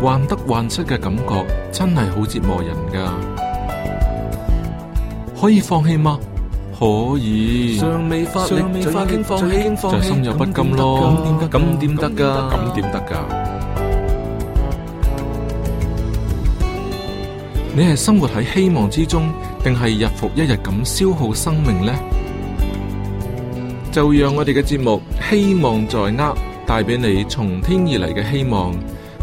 患得患失嘅感覺真係好折磨人噶，可以放棄嗎？可以。尚未發力，放棄，就心有不甘咯。咁點得？咁點得噶？咁點得噶？你係生活喺希望之中，定係日復一日咁消耗生命呢？就讓我哋嘅節目《希望在握》，帶俾你從天而嚟嘅希望。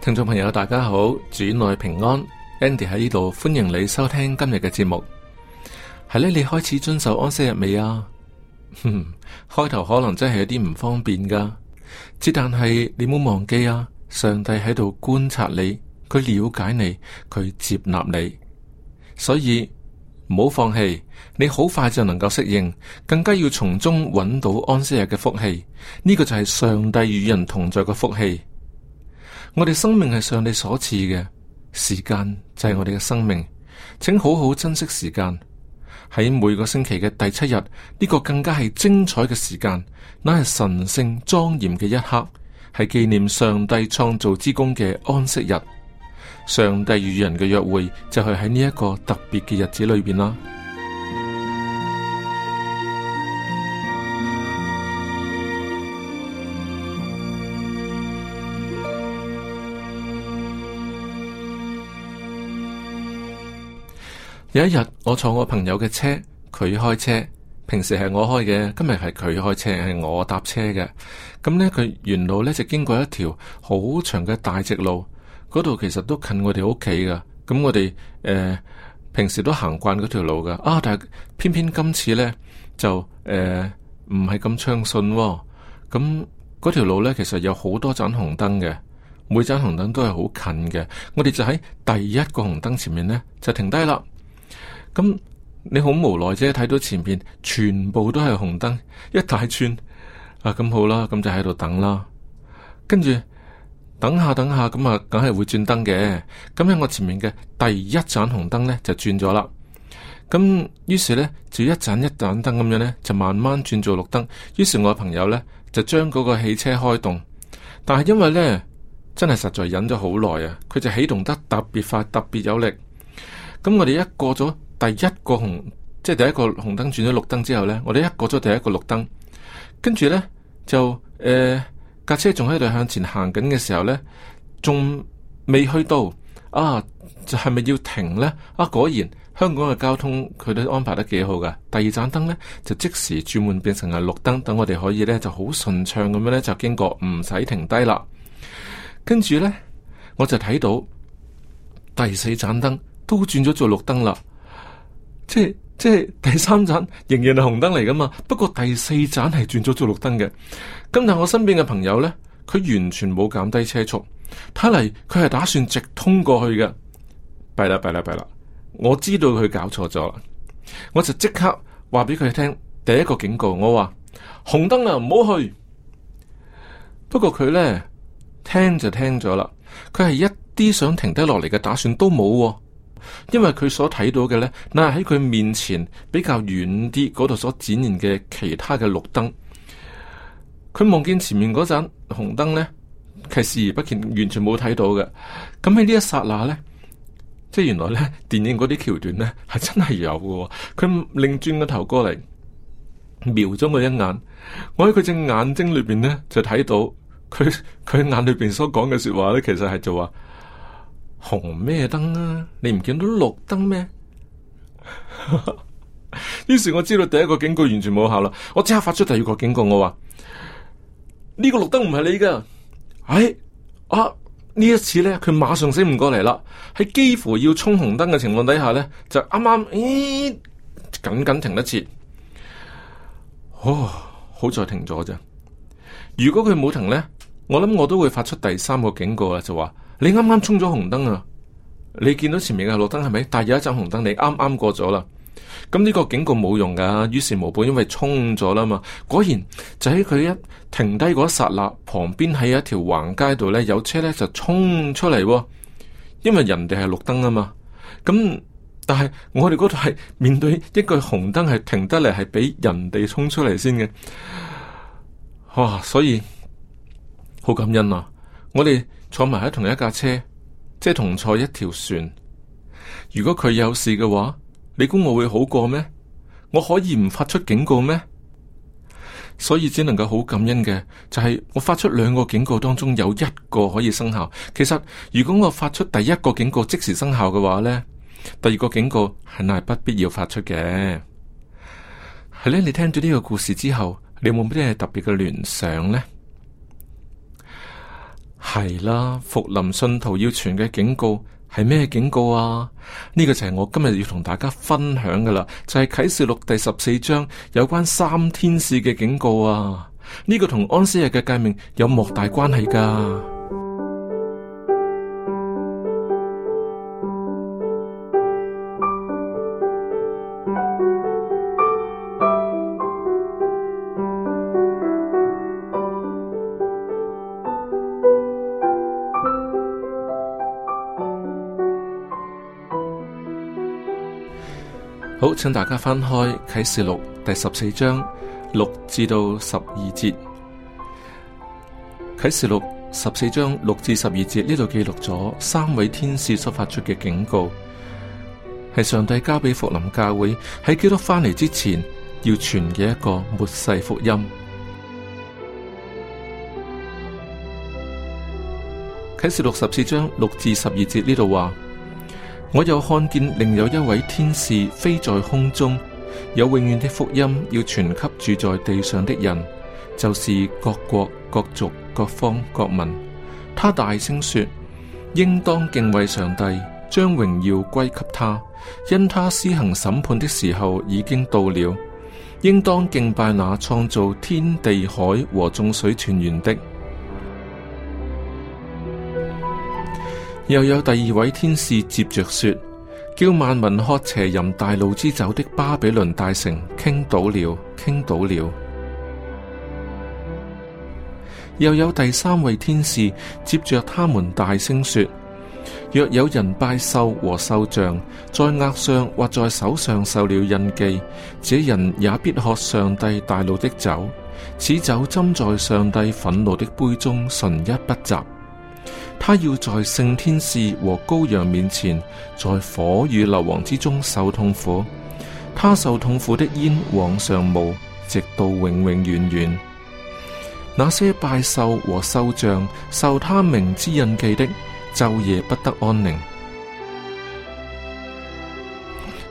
聽眾朋友，大家好，主內平安，Andy 喺呢度，歡迎你收聽今日嘅節目。係咧，你開始遵守安息日未啊？哼， 開頭可能真係有啲唔方便噶，只但係你冇忘記啊！上帝喺度觀察你，佢了解你，佢接納你，所以唔好放棄。你好快就能夠適應，更加要從中揾到安息日嘅福氣。呢個就係上帝與人同在嘅福氣。我哋生命係上帝所賜嘅，時間就係我哋嘅生命，請好好珍惜時間。喺每個星期嘅第七日，呢個更加係精彩嘅時間，乃係神聖莊嚴嘅一刻，係紀念上帝創造之功嘅安息日。上帝與人嘅約會就係喺呢一個特別嘅日子裏邊啦。有一日，我坐我朋友嘅車，佢開車。平時係我開嘅，今日係佢開車，係我搭車嘅。咁、嗯、呢，佢沿路呢就經過一條好長嘅大直路，嗰度其實都近我哋屋企噶。咁、嗯、我哋誒、呃、平時都行慣嗰條路噶啊，但係偏偏今次呢，就誒唔係咁暢順喎。咁、呃、嗰、哦嗯、條路呢，其實有好多盞紅燈嘅，每盞紅燈都係好近嘅。我哋就喺第一個紅燈前面呢，就停低啦。咁你好無奈啫，睇到前面全部都係紅燈，一大串。啊，咁好啦，咁就喺度等啦。跟住等下等下，咁啊，梗係會轉燈嘅。咁喺我前面嘅第一盞紅燈呢，就轉咗啦。咁於是呢，就一盞一盞燈咁樣呢，就慢慢轉做綠燈。於是我朋友呢，就將嗰個汽車開動。但係因為呢，真係實在忍咗好耐啊，佢就起動得特別快，特別有力。咁我哋一過咗。第一個紅，即係第一個紅燈轉咗綠燈之後呢，我哋一過咗第一個綠燈，跟住呢，就誒架、呃、車仲喺度向前行緊嘅時候呢，仲未去到啊，就係、是、咪要停呢？啊，果然香港嘅交通佢都安排得幾好噶。第二盞燈呢，就即時轉換變成係綠燈，等我哋可以呢就好順暢咁樣呢，就經過，唔使停低啦。跟住呢，我就睇到第四盞燈都轉咗做綠燈啦。即係即係第三盞仍然係紅燈嚟噶嘛，不過第四盞係轉咗做綠燈嘅。今日我身邊嘅朋友咧，佢完全冇減低車速，睇嚟佢係打算直通過去嘅。弊啦弊啦弊啦！我知道佢搞錯咗啦，我就即刻話俾佢聽第一個警告，我話紅燈啊，唔好去。不過佢咧聽就聽咗啦，佢係一啲想停低落嚟嘅打算都冇。因為佢所睇到嘅咧，嗱係喺佢面前比較遠啲嗰度所展現嘅其他嘅綠燈，佢望見前面嗰盞紅燈咧，係視而不見，完全冇睇到嘅。咁喺呢一剎那咧，即係原來咧，電影嗰啲橋段咧係真係有嘅。佢擰轉個頭過嚟，瞄咗佢一眼，我喺佢隻眼睛裏邊咧就睇到佢佢眼裏邊所講嘅說話咧，其實係做話。紅咩燈啊？你唔見到綠燈咩？ 於是我知道第一個警告完全冇效啦。我即刻發出第二個警告，我話呢、呢個綠燈唔係你嘅。唉、哎，啊，呢一次咧，佢馬上醒唔過嚟啦。喺幾乎要衝紅燈嘅情況底下咧，就啱啱咦，緊緊停得切。哦，好在停咗咋。如果佢冇停咧，我諗我都會發出第三個警告啊，就話。你啱啱衝咗紅燈啊！你見到前面嘅綠燈係咪？但有一盞紅燈，你啱啱過咗啦。咁、嗯、呢、這個警告冇用噶，於事無補，因為衝咗啦嘛。果然就喺佢一停低嗰一剎那，旁邊喺一條橫街度咧，有車咧就衝出嚟、啊。因為人哋係綠燈啊嘛。咁、嗯、但係我哋嗰度係面對一個紅燈，係停得嚟係俾人哋衝出嚟先嘅。哇、啊！所以好感恩啊！我哋。坐埋喺同一架車，即係同坐一條船。如果佢有事嘅話，你估我會好過咩？我可以唔發出警告咩？所以只能夠好感恩嘅，就係我發出兩個警告當中有一個可以生效。其實如果我發出第一個警告即時生效嘅話咧，第二個警告係唔係不必要發出嘅？係咧，你聽咗呢個故事之後，你有冇咩特別嘅聯想咧？係啦，復臨信徒要傳嘅警告係咩警告啊？呢、這個就係我今日要同大家分享嘅啦，就係、是、啟示錄第十四章有關三天使嘅警告啊！呢、這個同安息日嘅誡命有莫大關係噶。好，請大家翻開啟示錄第十四章六至到十二節。啟示錄十四章六至十二節，呢度記錄咗三位天使所發出嘅警告，係上帝交俾復臨教會喺基督翻嚟之前要傳嘅一個末世福音。啟示錄十四章六至十二節呢度話。我又看見另有一位天使飛在空中，有永遠的福音要傳給住在地上的人，就是各國、各族、各方、各民。他大聲說：應當敬畏上帝，將榮耀歸給他，因他施行審判的時候已經到了。應當敬拜那創造天地海和眾水泉源的。又有第二位天使接着說，叫萬民喝邪淫大怒之酒的巴比倫大城傾倒了，傾倒了。又有第三位天使接着他們大聲說：若有人拜獸和獸像，在額上或在手上受了印記，這人也必喝上帝大怒的酒，此酒斟在上帝憤怒的杯中，純一不雜。他要在聖天使和羔羊面前，在火與硫磺之中受痛苦，他受痛苦的煙往上冒，直到永永遠遠。那些拜獸和獸像受他名之印記的，晝夜不得安寧。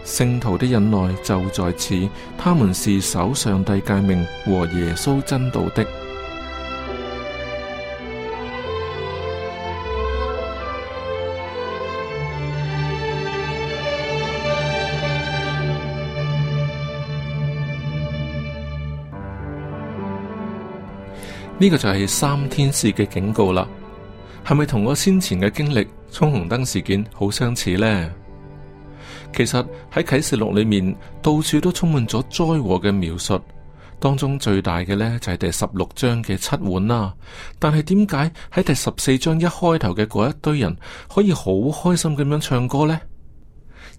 聖徒的忍耐就在此，他們是守上帝誡命和耶穌真道的。呢個就係三天使嘅警告啦，係咪同我先前嘅經歷衝紅燈事件好相似呢？其實喺啟示錄裏面，到處都充滿咗災禍嘅描述，當中最大嘅呢，就係、是、第十六章嘅七碗啦，啊。但係點解喺第十四章一開頭嘅嗰一堆人可以好開心咁樣唱歌呢？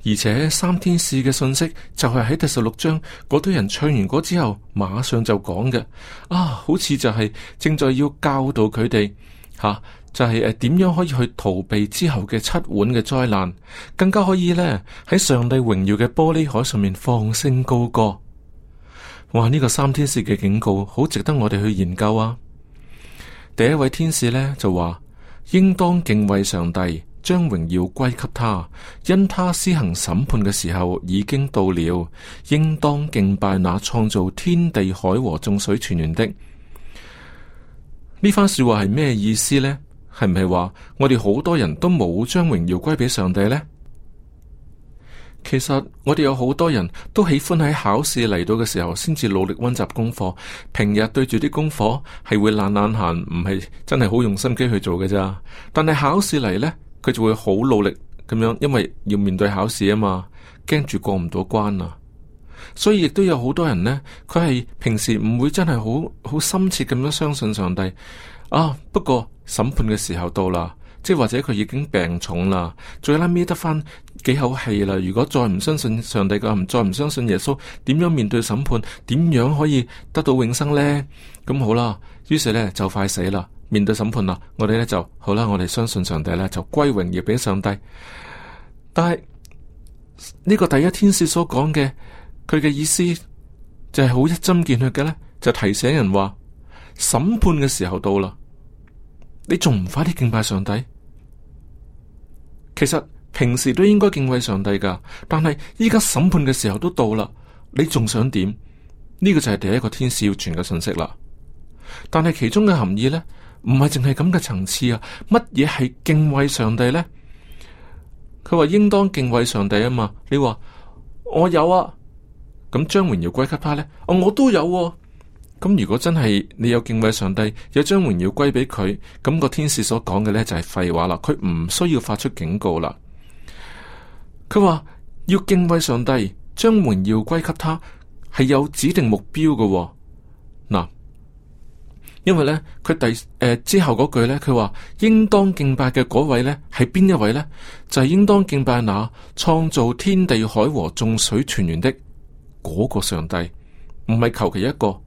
而且三天使嘅信息就係喺第十六章嗰堆人唱完歌之後馬上就講嘅，啊，好似就係正在要教導佢哋，吓、啊、就係誒點樣可以去逃避之後嘅七碗嘅災難，更加可以呢喺上帝榮耀嘅玻璃海上面放聲高歌。哇！呢、這個三天使嘅警告好值得我哋去研究啊。第一位天使呢就話，應當敬畏上帝。將榮耀歸給他，因他施行審判嘅時候已經到了，應當敬拜那創造天地海和眾水泉源的。呢番說話係咩意思呢？係唔係話我哋好多人都冇將榮耀歸俾上帝呢？其實我哋有好多人都喜歡喺考試嚟到嘅時候先至努力溫習功課，平日對住啲功課係會懶懶閒，唔係真係好用心機去做㗎咋。但係考試嚟呢。佢就會好努力咁樣，因為要面對考試啊嘛，驚住過唔到關啊，所以亦都有好多人呢，佢係平時唔會真係好好深切咁樣相信上帝啊。不過審判嘅時候到啦，即係或者佢已經病重啦，最拉尾得翻幾口氣啦。如果再唔相信上帝嘅話，唔再唔相信耶穌，點樣面對審判？點樣可以得到永生呢？咁好啦，於是呢，就快死啦。面對審判啦，我哋咧就好啦。我哋相信上帝咧就歸榮業俾上帝。但係呢個第一天使所講嘅，佢嘅意思就係好一針見血嘅咧，就提醒人話，審判嘅時候到啦，你仲唔快啲敬拜上帝？其實平時都應該敬畏上帝噶，但係依家審判嘅時候都到啦，你仲想點？呢個就係第一個天使要傳嘅信息啦。但係其中嘅含義咧。唔係淨係咁嘅層次啊！乜嘢係敬畏上帝呢？佢話應當敬畏上帝啊嘛！你話我有啊，咁將榮耀歸給他呢？哦，我都有、啊。咁如果真係你有敬畏上帝，有將榮耀歸俾佢，咁、那個天使所講嘅呢就係、是、廢話啦！佢唔需要發出警告啦。佢話要敬畏上帝，將榮耀歸給他，係有指定目標嘅嗱、啊。因為咧，佢第誒、呃、之後嗰句咧，佢話應當敬拜嘅嗰位咧係邊一位咧？就係、是、應當敬拜那創造天地海和眾水泉源的嗰、那個上帝，唔係求其一個。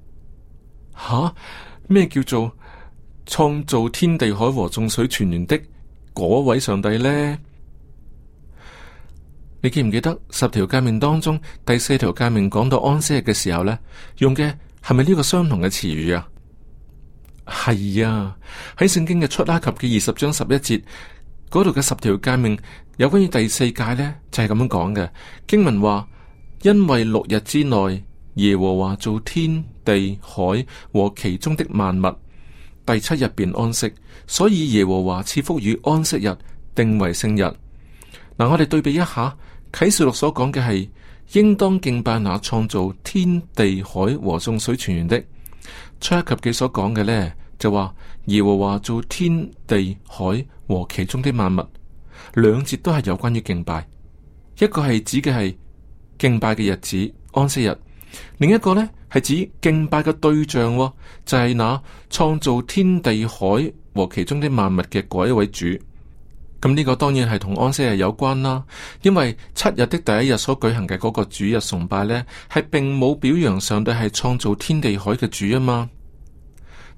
吓？咩叫做創造天地海和眾水泉源的嗰位上帝咧？你記唔記得十條誡命當中第四條誡命講到安息日嘅時候咧，用嘅係咪呢個相同嘅詞語啊？係啊，喺聖經嘅出埃及嘅二十章十一節，嗰度嘅十條誡命有關於第四誡呢，就係咁樣講嘅經文話，因為六日之內耶和華造天地海和其中的萬物，第七日便安息，所以耶和華賜福與安息日，定為聖日。嗱，我哋對比一下啟示錄所講嘅係，應當敬拜那創造天地海和眾水泉源的。出埃及記所講嘅呢，就話耶和華做天地海和其中的萬物，兩節都係有關於敬拜，一個係指嘅係敬拜嘅日子，安息日，另一個呢，係指敬拜嘅對象，就係、是、那創造天地海和其中的萬物嘅嗰一位主。咁呢個當然係同安息日有關啦，因為七日的第一日所舉行嘅嗰個主日崇拜呢，係並冇表揚上帝係創造天地海嘅主啊嘛。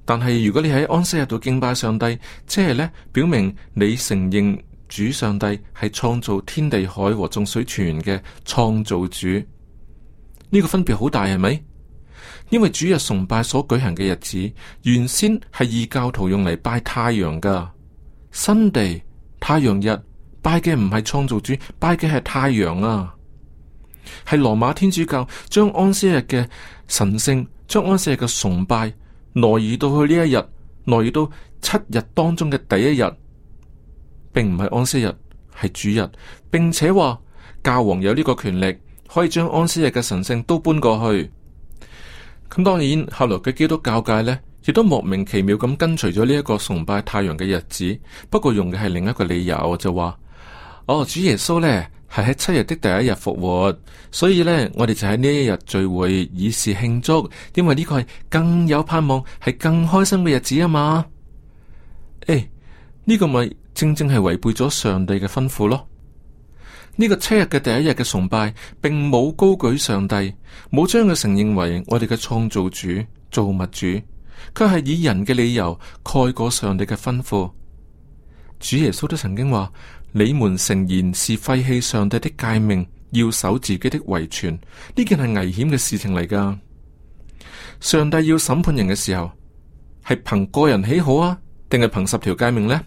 但係如果你喺安息日度敬拜上帝，即係呢，表明你承認主上帝係創造天地海和眾水泉嘅創造主。呢個分別好大，係咪？因為主日崇拜所舉行嘅日子，原先係異教徒用嚟拜太陽噶新地。太陽日拜嘅唔係創造主，拜嘅係太陽啊！係羅馬天主教將安息日嘅神聖，將安息日嘅崇拜挪移到去呢一日，挪移到七日當中嘅第一日，並唔係安息日，係主日，並且話教皇有呢個權力，可以將安息日嘅神聖都搬過去。咁當然，後來嘅基督教界呢。亦都莫名其妙咁跟隨咗呢一個崇拜太陽嘅日子，不過用嘅係另一個理由就話：哦，主耶穌呢係喺七日的第一日復活，所以呢，我哋就喺呢一日聚會以示慶祝。因為呢個係更有盼望，係更開心嘅日子啊嘛。誒，呢個咪正正係違背咗上帝嘅吩咐咯？呢個七日嘅第一日嘅崇拜，並冇高舉上帝，冇將佢承認為我哋嘅創造主、造物主。卻係以人嘅理由蓋過上帝嘅吩咐。主耶穌都曾經話：你們誠然是廢棄上帝的誡命，要守自己的遺傳，呢件係危險嘅事情嚟噶。上帝要審判人嘅時候，係憑個人喜好啊，定係憑十條誡命呢？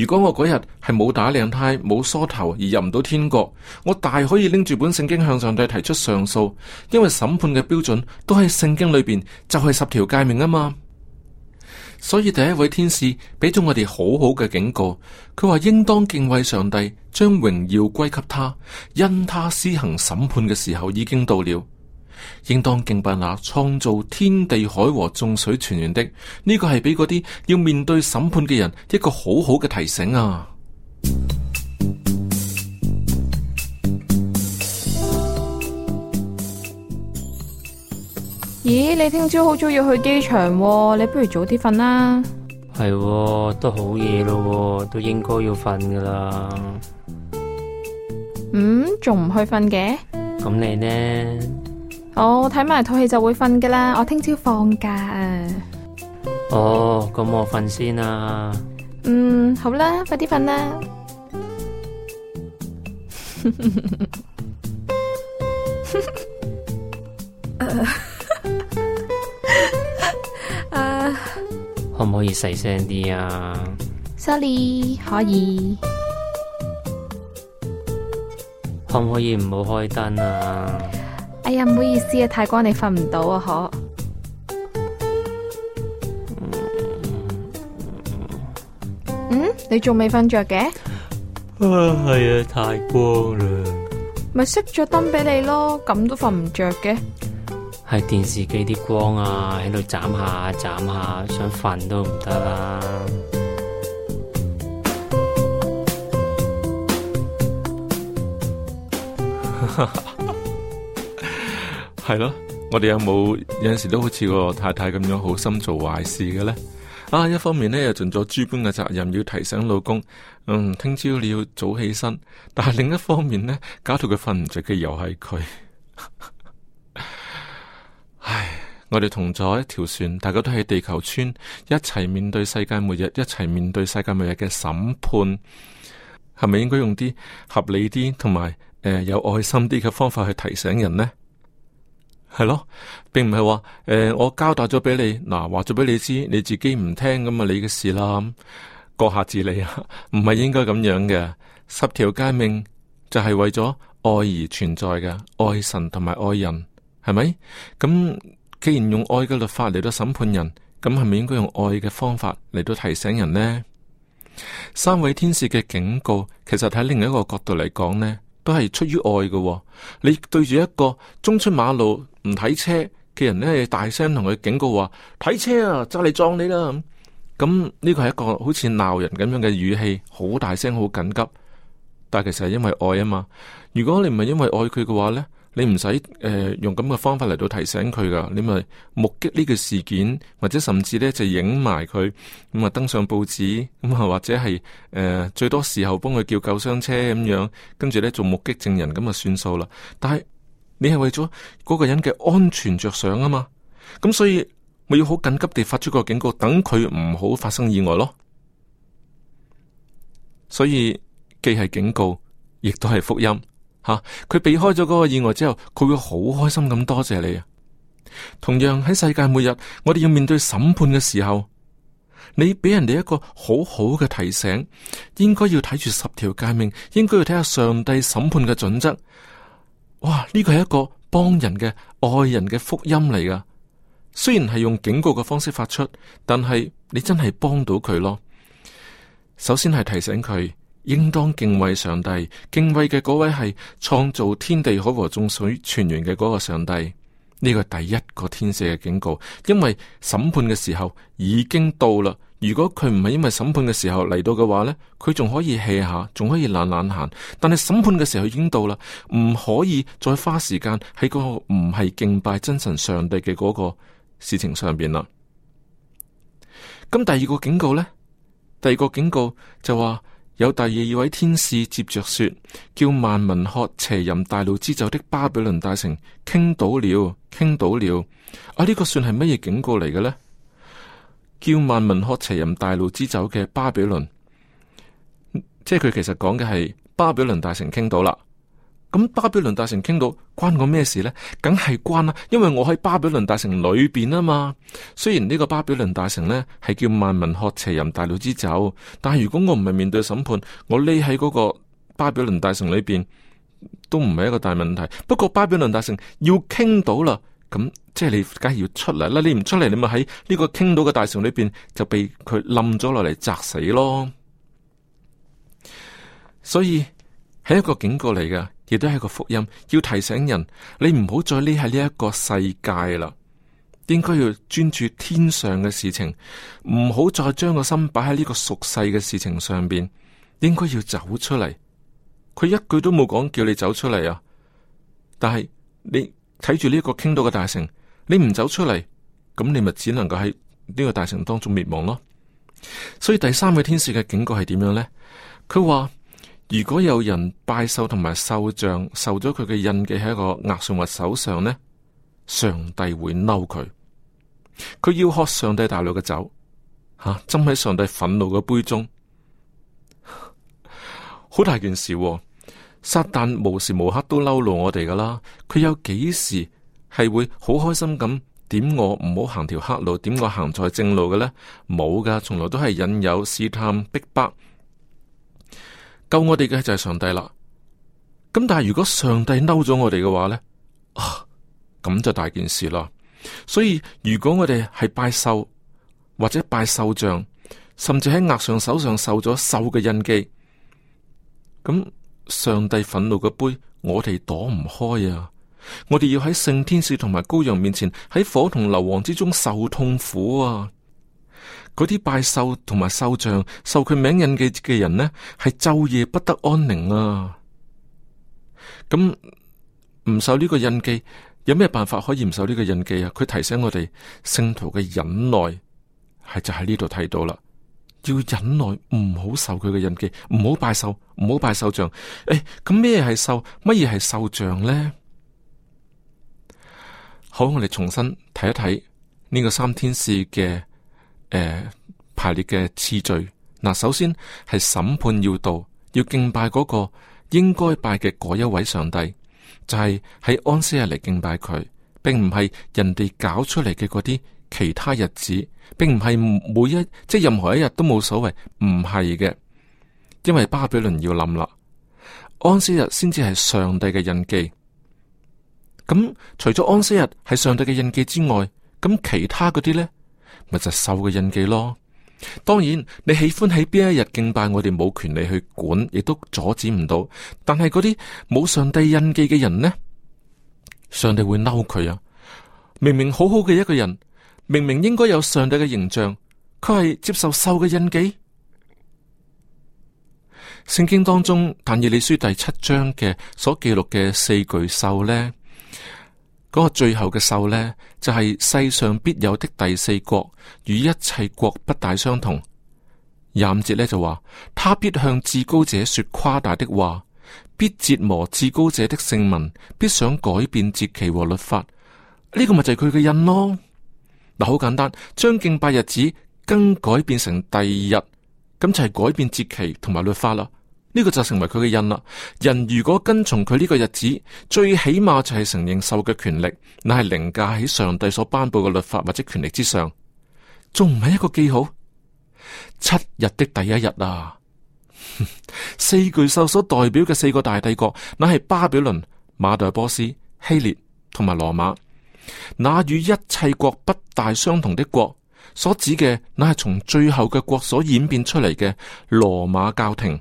如果我嗰日係冇打領呔，冇梳頭而入唔到天國，我大可以拎住本聖經向上帝提出上訴，因為審判嘅標準都喺聖經裏邊就係十條誡命啊嘛。所以第一位天使俾咗我哋好好嘅警告，佢話，應當敬畏上帝，將榮耀歸給他，因他施行審判嘅時候已經到了。應當敬拜那創造天地海和眾水泉源的，呢個係俾嗰啲要面對審判嘅人一個好好嘅提醒啊！咦，你聽朝好早要去機場喎，你不如早啲瞓啦。係，都好夜咯，都應該要瞓噶啦。嗯，仲唔去瞓嘅？咁 你呢？我睇埋套戲就會瞓㗎啦，我聽朝放假啊。哦，咁我瞓先啦。嗯，好啦，快啲瞓啦。 uh, uh, 可唔可以細聲啲啊？Sorry，可以。可唔可以唔好開燈啊？哎呀，唔好意思啊，太光你瞓唔到啊，嗬？嗯，你仲未瞓着嘅？啊，係啊，太光啦。咪熄咗燈俾你咯，咁都瞓唔着嘅。係電視機啲光啊，喺度眨下眨下，想瞓都唔得啦。係咯，我哋有冇有陣時都好似個太太咁樣好心做壞事嘅呢？啊，一方面呢，又盡咗諸般嘅責任，要提醒老公，嗯，聽朝你要早起身。但係另一方面呢，搞到佢瞓唔着嘅又係佢。 唉，我哋同坐一條船，大家都喺地球村，一齊面對世界末日，一齊面對世界末日嘅審判，係咪應該用啲合理啲，同埋誒有愛心啲嘅方法去提醒人呢？係咯，並唔係話誒，我交代咗俾你，嗱，話咗俾你知，你自己唔聽咁啊，你嘅事啦，各下自理啊，唔 係應該咁樣嘅。十條誡命就係為咗愛而存在嘅，愛神同埋愛人，係咪？咁既然用愛嘅律法嚟到審判人，咁係咪應該用愛嘅方法嚟到提醒人呢？三位天使嘅警告，其實喺另一個角度嚟講呢？都係出於愛嘅、哦，你對住一個中出馬路唔睇車嘅人呢咧，大聲同佢警告話：睇車啊，揸你撞你啦！咁，咁呢個係一個好似鬧人咁樣嘅語氣，好大聲，好緊急。但係其實係因為愛啊嘛。如果你唔係因為愛佢嘅話呢。你唔使誒用咁嘅、呃、方法嚟到提醒佢噶，你咪目擊呢個事件，或者甚至咧就影埋佢咁啊，登上報紙咁啊，或者係誒、呃、最多時候幫佢叫救傷車咁樣，跟住咧做目擊證人咁啊算數啦。但係你係為咗嗰個人嘅安全着想啊嘛，咁所以咪要好緊急地發出個警告，等佢唔好發生意外咯。所以既係警告，亦都係福音。啊！佢避開咗嗰個意外之後，佢會好開心咁多謝你啊！同樣喺世界末日，我哋要面對審判嘅時候，你俾人哋一個好好嘅提醒，應該要睇住十條誡命，應該要睇下上帝審判嘅準則。哇！呢個係一個幫人嘅愛人嘅福音嚟㗎，雖然係用警告嘅方式發出，但係你真係幫到佢咯。首先係提醒佢。應當敬畏上帝，敬畏嘅嗰位係創造天地海和眾水泉源嘅嗰個上帝。呢個係第一個天使嘅警告，因為審判嘅時候已經到啦。如果佢唔係因為審判嘅時候嚟到嘅話咧，佢仲可以 hea 下，仲可以懶懶閒。但係審判嘅時候已經到啦，唔可以再花時間喺個唔係敬拜真神上帝嘅嗰個事情上邊啦。咁第二個警告咧，第二個警告就話。有第二位天使接着說，叫萬民喝邪淫大怒之酒的巴比倫大城傾倒了，傾倒了。啊，呢、這個算係乜嘢警告嚟嘅呢？叫萬民喝邪淫大怒之酒嘅巴比倫，即係佢其實講嘅係巴比倫大城傾倒啦。咁巴比倫大城傾到關我咩事呢？梗係關啦，因為我喺巴比倫大城裏邊啊嘛。雖然呢個巴比倫大城呢係叫萬民喝邪淫大怒之酒，但係如果我唔係面對審判，我匿喺嗰個巴比倫大城裏邊都唔係一個大問題。不過巴比倫大城要傾到啦，咁即係你梗係要出嚟啦。你唔出嚟，你咪喺呢個傾到嘅大城裏邊就被佢冧咗落嚟砸死咯。所以係一個警告嚟㗎。亦都係個福音，要提醒人你唔好再匿喺呢一個世界啦，應該要專注天上嘅事情，唔好再將個心擺喺呢個屬世嘅事情上邊，應該要走出嚟。佢一句都冇講叫你走出嚟啊！但係你睇住呢一個傾倒嘅大城，你唔走出嚟，咁你咪只能夠喺呢個大城當中滅亡咯。所以第三個天使嘅警告係點樣呢？佢話。如果有人拜獸獸受同埋獸像受咗佢嘅印記喺一個額上或手上呢，上帝會嬲佢，佢要喝上帝大怒嘅酒，吓斟喺上帝憤怒嘅杯中，好 大件事、啊。撒旦無時無刻都嬲怒我哋噶啦，佢有幾時係會好開心咁點我唔好行條黑路，點我行在正路嘅呢？冇噶，從來都係引誘試探逼迫。救我哋嘅就係上帝啦，咁但係如果上帝嬲咗我哋嘅話咧，咁、啊、就大件事啦。所以如果我哋係拜獸或者拜獸像，甚至喺額上手上受咗獸嘅印記，咁上帝憤怒嘅杯，我哋躲唔開啊！我哋要喺聖天使同埋羔羊面前，喺火同硫磺之中受痛苦啊！嗰啲拜壽同埋壽像受佢名印記嘅人呢，係晝夜不得安寧啊。咁唔受呢個印記，有咩辦法可以唔受呢個印記啊？佢提醒我哋聖徒嘅忍耐係就喺呢度睇到啦。要忍耐，唔好受佢嘅印記，唔好拜壽，唔好拜壽像。誒、欸，咁咩係壽，乜嘢係壽像呢？好，我哋重新睇一睇呢個三天使嘅。誒，排列嘅次序，嗱，首先係審判要到，要敬拜嗰個應該拜嘅嗰一位上帝，就係喺安息日嚟敬拜佢，並唔係人哋搞出嚟嘅嗰啲其他日子，並唔係每一即係任何一日都冇所謂，唔係嘅，因為巴比倫要冧啦，安息日先至係上帝嘅印記。咁除咗安息日係上帝嘅印記之外，咁其他嗰啲咧？咪就獸嘅印記咯。當然，你喜歡喺邊一日敬拜，我哋冇權利去管，亦都阻止唔到。但係嗰啲冇上帝印記嘅人呢？上帝會嬲佢啊！明明好好嘅一個人，明明應該有上帝嘅形象，佢係接受獸嘅印記。聖經當中但以理書第七章嘅所記錄嘅四具獸呢？嗰個最後嘅獸呢，就係、是、世上必有的第四國，與一切國不大相同。廿五節咧，就話，他必向至高者說誇大的話，必折磨至高者的聖民，必想改變節期和律法。呢、這個咪就係佢嘅印咯。嗱，好簡單，將敬拜日子更改變成第二日，咁就係改變節期同埋律法啦。呢個就成為佢嘅印啦。人如果跟從佢呢個日子，最起碼就係承認獸嘅權力，乃係凌駕喺上帝所頒布嘅律法或者權力之上，仲唔係一個記號？七日的第一日啊， 四巨獸所代表嘅四個大帝國，乃係巴比倫、馬代波斯、希臘同埋羅馬。那與一切國不大相同的國，所指嘅乃係從最後嘅國所演變出嚟嘅羅馬教廷。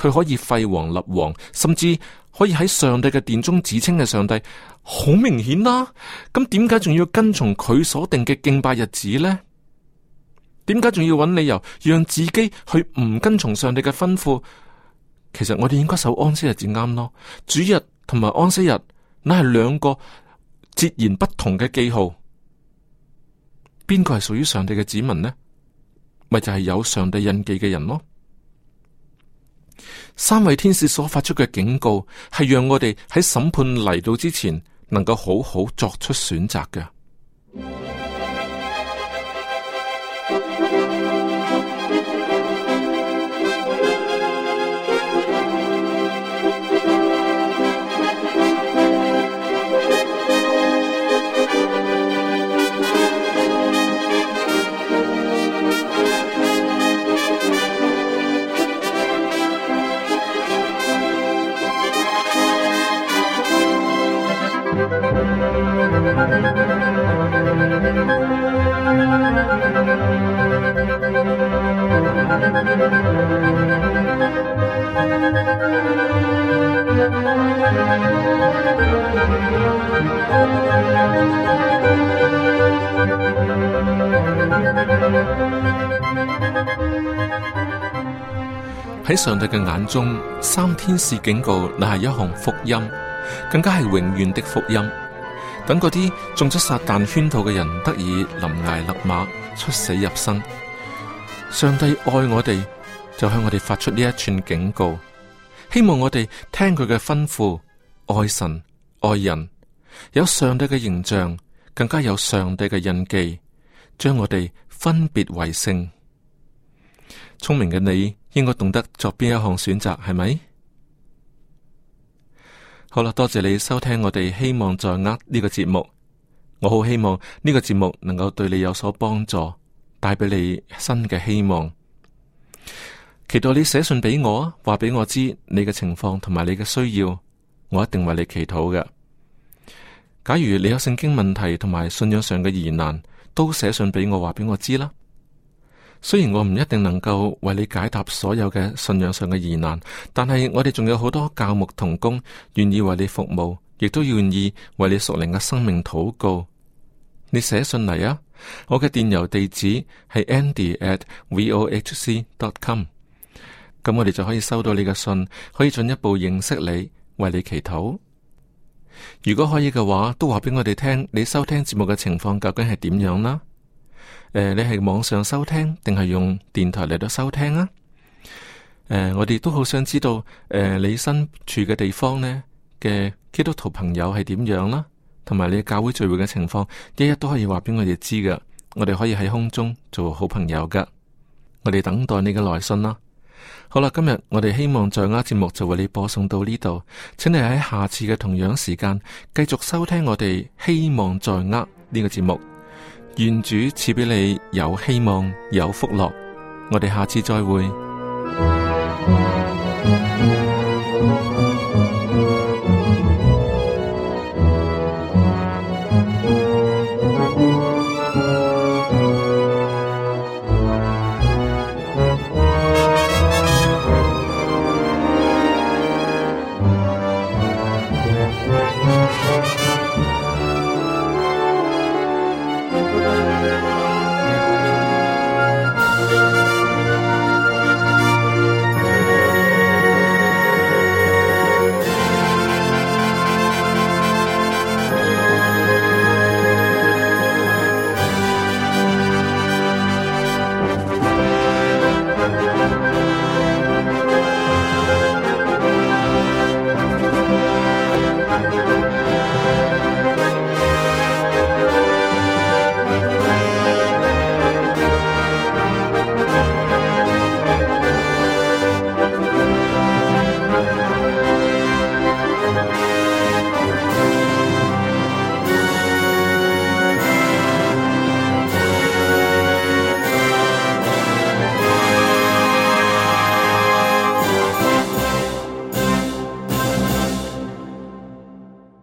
佢可以廢王立王，甚至可以喺上帝嘅殿中指稱嘅上帝，好明顯啦、啊。咁點解仲要跟從佢所定嘅敬拜日子呢？點解仲要揾理由讓自己去唔跟從上帝嘅吩咐？其實我哋應該守安息日至啱咯。主日同埋安息日，乃係兩個截然不同嘅記號。邊個係屬於上帝嘅指紋呢？咪就係、是、有上帝印記嘅人咯。三位天使所發出嘅警告，係讓我哋喺審判嚟到之前，能夠好好作出選擇嘅。喺上帝嘅眼中，三天使警告，乃係一項福音，更加係永遠的福音。等嗰啲中咗撒旦圈套嘅人得以臨崖勒馬、出死入生。上帝愛我哋，就向我哋發出呢一串警告，希望我哋聽佢嘅吩咐，愛神、愛人。有上帝嘅形象，更加有上帝嘅印記，將我哋分別為聖。聰明嘅你，應該懂得作邊一項選擇，係咪？好啦，多謝你收聽我哋希望在握呢個節目。我好希望呢個節目能夠對你有所幫助，帶俾你新嘅希望。期待你寫信俾我啊，話俾我知你嘅情況同埋你嘅需要，我一定為你祈禱嘅。假如你有聖經問題同埋信仰上嘅疑難，都寫信畀我，話畀我知啦。雖然我唔一定能夠為你解答所有嘅信仰上嘅疑難，但係我哋仲有好多教牧同工願意為你服務，亦都願意為你屬靈嘅生命禱告。你寫信嚟啊！我嘅電郵地址係 andy@vohc.com，咁我哋就可以收到你嘅信，可以進一步認識你，為你祈禱。如果可以嘅話，都話俾我哋聽，你收聽節目嘅情況究竟係點樣啦？誒、呃，你係網上收聽定係用電台嚟到收聽啊？誒、呃，我哋都好想知道，誒、呃，你身處嘅地方呢嘅基督徒朋友係點樣啦？同埋你教會聚會嘅情況，一一都可以話俾我哋知㗎。我哋可以喺空中做好朋友㗎。我哋等待你嘅來信啦。好啦，今日我哋希望在握節目就為你播送到呢度，請你喺下次嘅同樣時間繼續收聽我哋希望在握呢、這個節目。願主賜俾你有希望、有福樂。我哋下次再會。